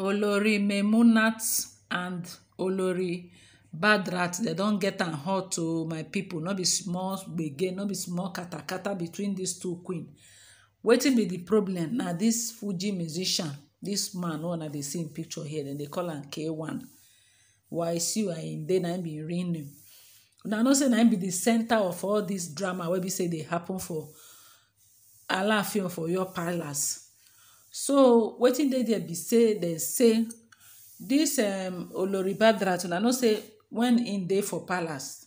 olori memunat and olori badrat They don't get am hot to oh, my people. Not be small gbege Not be small katakata between these two queens. wetin be the problem now? This fuji musician this man one of the same picture here Then they call him k1 waisiu ayinde na im be real name una know say na im be the center of all this drama wey we say they happen for alaafin for your palace so wetin dey there be say dem say this um oloribadrat una know say wen im dey for palace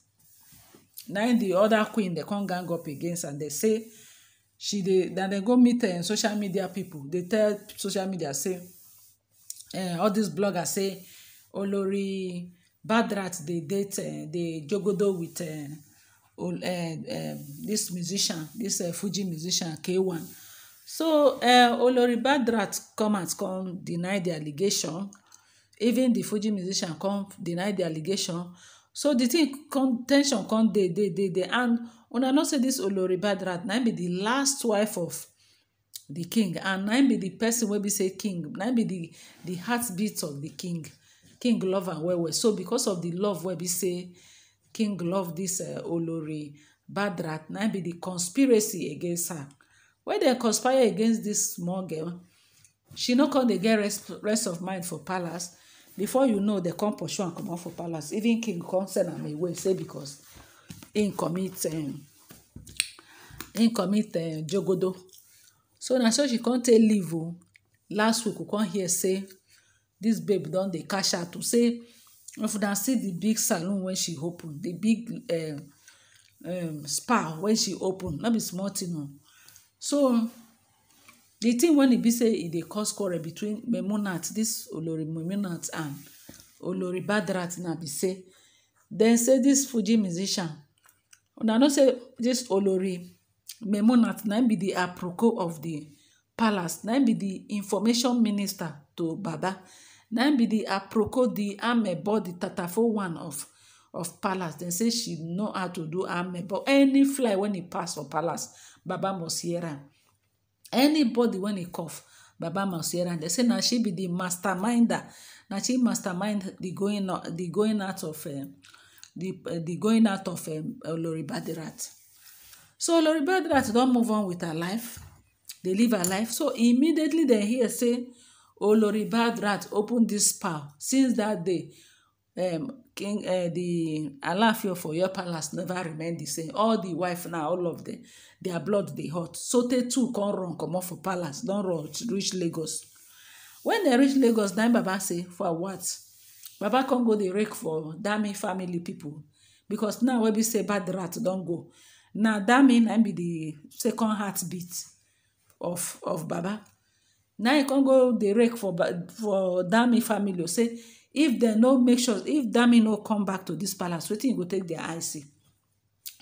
na im the other queen dey come gang up against and dey say she dey na dem go meet um, social media people dey tell social media say um, all these bloggers say olori badrat dey date uh, dey jogodo with uh, um, uh, um, uh, this musician this uh, fuji musician k1 So uh, Olori Badrat come and come deny the allegation. Even the Fuji musician come deny the allegation. So the thing contention come They, they, they, dey and I not say this Olori Badrat Now be the last wife of the king and now be the person where we say king Now be the the heartbeat of the king king love and where so because of the love where we say king love this uh, Olori Badrat Now be the conspiracy against her When they conspire against this small girl she no come dey get rest rest of mind for palace before you know they come pursue am comot for palace even king come send am away say because im commit im um, commit um, jogodo so na so she come take leave o oh. last week we come hear say this babe don dey cash out to oh. say if una see the big saloon wey she open the big um, um, spa wey she open no be small thing o oh. so di tin e be say e dey cause quarrel between this dis memunat and Badrat na be say dem say dis fujian musician na no say dis memunat na im be di aproko of di palace na im be di information minister to baba na im be di aproko di ame board di one of. of palace Then say she know how to do amen but any fly when he pass for palace baba must hear am anybody when he cough baba must hear say now she be the masterminder Now she mastermind the going the going out of eh, eh, the going out of eh, Lori badirat so olori badirat not move on with her life They live her life so immediately they hear say Lori badirat open this spa." since that day um, king uh, the alaafin of oyo palace never remain the same all the wife now all of them their blood dey hot So they too come run comot for palace don run reach lagos when they reach lagos na baba say for what baba come go dey rake for dami family people because now wey be say bad rat don go na dami na be the second heartbeat of of baba na he come go dey rake for for dami family say if dem no make sure if dami no come back to dis palace wetin e go take their eye see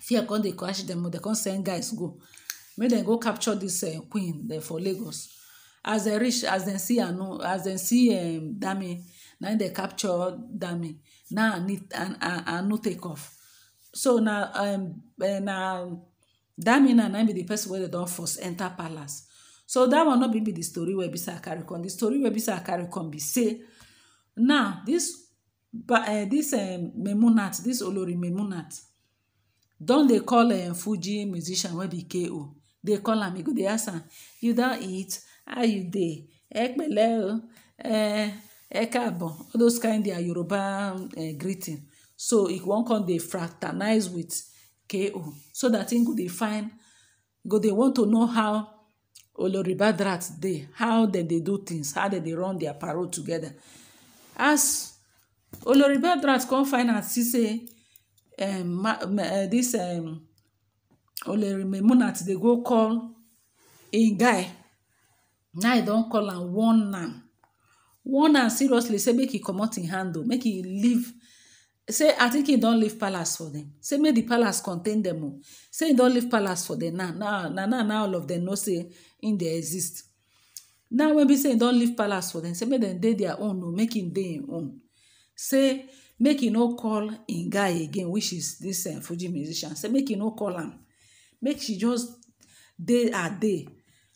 fear come dey crash dem dem come send guys go make dem go capture dis eh, queen dem for lagos as dem reach as dem see as dem see dami na im dem capture dami now anu take off so na eh, na dami na im be the person wey dem don force enter palace so dat one no be be di story wey bisa carry come The story wey bisa carry come be say Now, this uh, this uh, Memunat, this Olori Memunat, don dey call uh, Fuji musician wey be KO. Dey call am, e go dey ask am, you don eat? How you dey? Ẹ pẹ̀lẹ́ o, ẹ káàbọ̀, all those kind their Yoruba uh, greeting. So e wan come dey fraternize with KO so that im go dey find, go dey want to know how Olori Badrat dey, how dem dey do things, how dem dey run their parole together ask olori Bedrat come find out see say um, uh, this um, olori Memunat dey go call im guy Now e don call am warn am warn am seriously say make e comot im hand o oh, make e leave say i think he don leave palace for them. say make the palace contain them. o oh. say he don leave palace for them. now now now, now all of them know say im dey exist now when be say e don leave palace for them, say make them dey their own o make him dey him own say make him no call him guy again which is dis eh, fuji musician say make him no call am make she just dey her day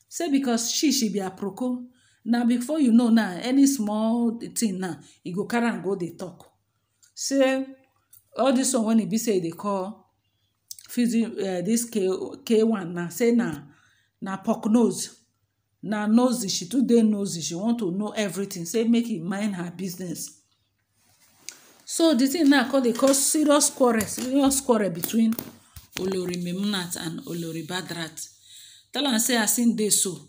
say because she she be aproko na before you know now any small thing now he go carry am go dey talk say all this one when he be say e dey call eh, this k1 K na say na pork nose na nosy she too dey nosy she want to know everything say make e mind her business so di thing now come dey cause serious quarrel serious quarrel between olori memunat and olori badrat tell am say as im dey so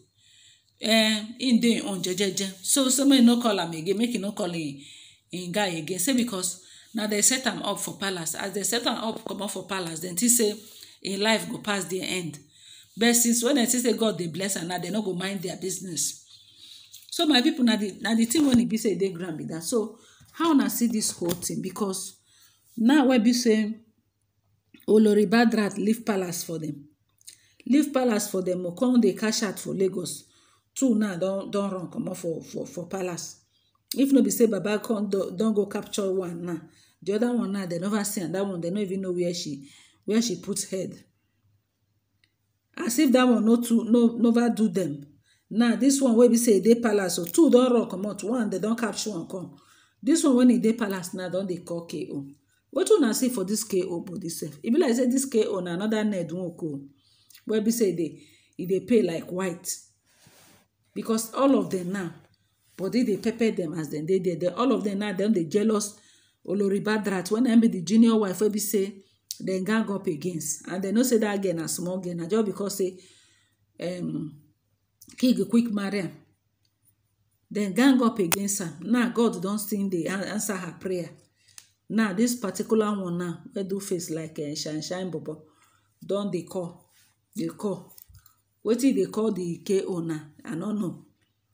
eh, im dey on jejeje so so make no call am again make e no call him guy again say because na dem set am up for palace as dem set am up comot for palace dem think say im life go pass di end but since when dem see say god dey bless am now dem no go mind their business so my people na the na the thing wey e be say e dey ground be that so how una see this whole thing because now wey be say olori badrat leave palace for dem leave palace for dem o come dey cash out for lagos two now don don run comot for for for palace if no be say baba come don go capture one now the other one now dem never see am that one dem no even know where she where she put head as if dat one no too no nova do them. now this one wey be say e dey palace so oh, two don run comot one dem don capture one come dis one wen e dey palace now don dey call ko wetin una see for this ko body sef e be like say this ko na anoda ned nwoko oh, wey be say e, e dey pay like white because all of them now body dey pepper them as dem dey there all of them now dem dey jealous Olori oloribadrat wen im be the junior wife wey be say dem gang up against and they know say that again. A small girl na just because say um, king quick marry am dem gang up against am now god don't still dey answer her prayer now this particular one now wey do face like eh, shine shine bobo Don't they call They call did they call the ko owner? i don't know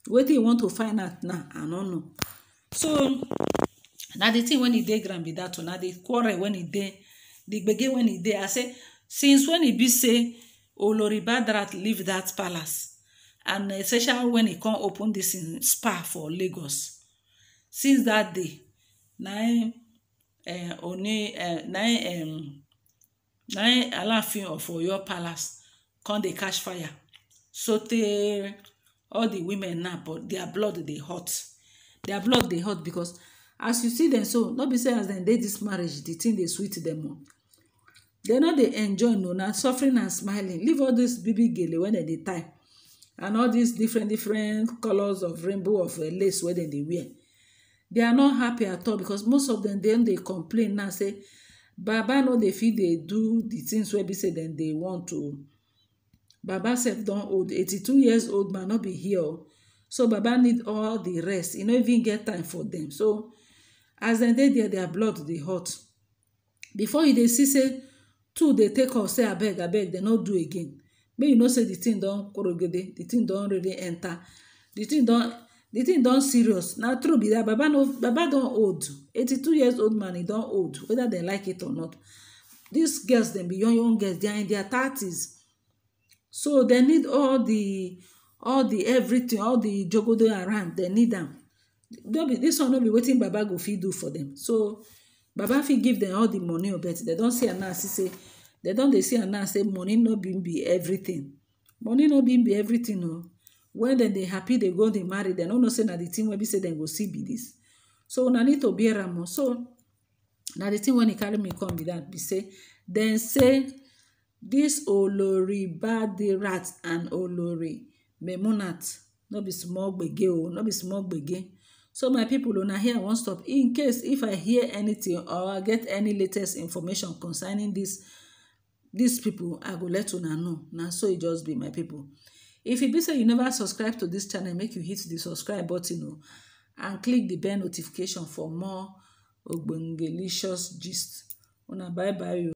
do you want to find out now i don't know so now di tin when e dey ground be dat o na di quarrel when e dey the gbege when e dey i say since when e be say oloribadarat leave that palace and especially when e come open dis spa for lagos since that day na im eh, oni eh, na im na im alaafin of oyo palace come dey catch fire So sotey all the women now but their blood dey hot their blood dey hot because as you see them, so no be say as dem dey this marriage The thing dey sweet them more. They no dey enjoy no na suffering and smiling leave all dis baby gele wey dem dey tie and all these different different colours of rainbow of eh, lace wey dem dey wear they are not happy at all because most of them dem dey complain now say baba no dey fit dey do the things wey be say dem dey want to baba sef don old eighty-two years old man no be here o so baba need all the rest He no even get time for them. so as dem dey there their blood dey hot before you dey see say two dey take off say abeg abeg dem no do again make you know say the thing don korogede the thing don really enter the thing don the thing don serious na true be that baba no baba don old eighty-two years old man he don old whether dem like it or not these girls dem be young young girls they are in their thirties so dem need all the all the everything all the jogodo around dem need am no be This one no be wetin baba go fit do for them. so baba fit give them all the money oh, but They don see announce say they don dey see announce say money no be be everything money no be be everything o oh. when dem dey happy dey go dey marry dem no know say na the thing wey be say dem go see be this. so una need to bear am o oh. so na the thing wey e carry me come be that. be say dem say this olori badirat and olori memunat no be small gbege o no be small gbege so my people una here i wan stop in case if i hear anything or i get any latest information concerning this, these people, i go let una know na so it e just be my people. if e be say you never subscribe to this channel make you hit the subscribe button o oh, and click the bell notification for more ogbongelicious gist una bye bye oh.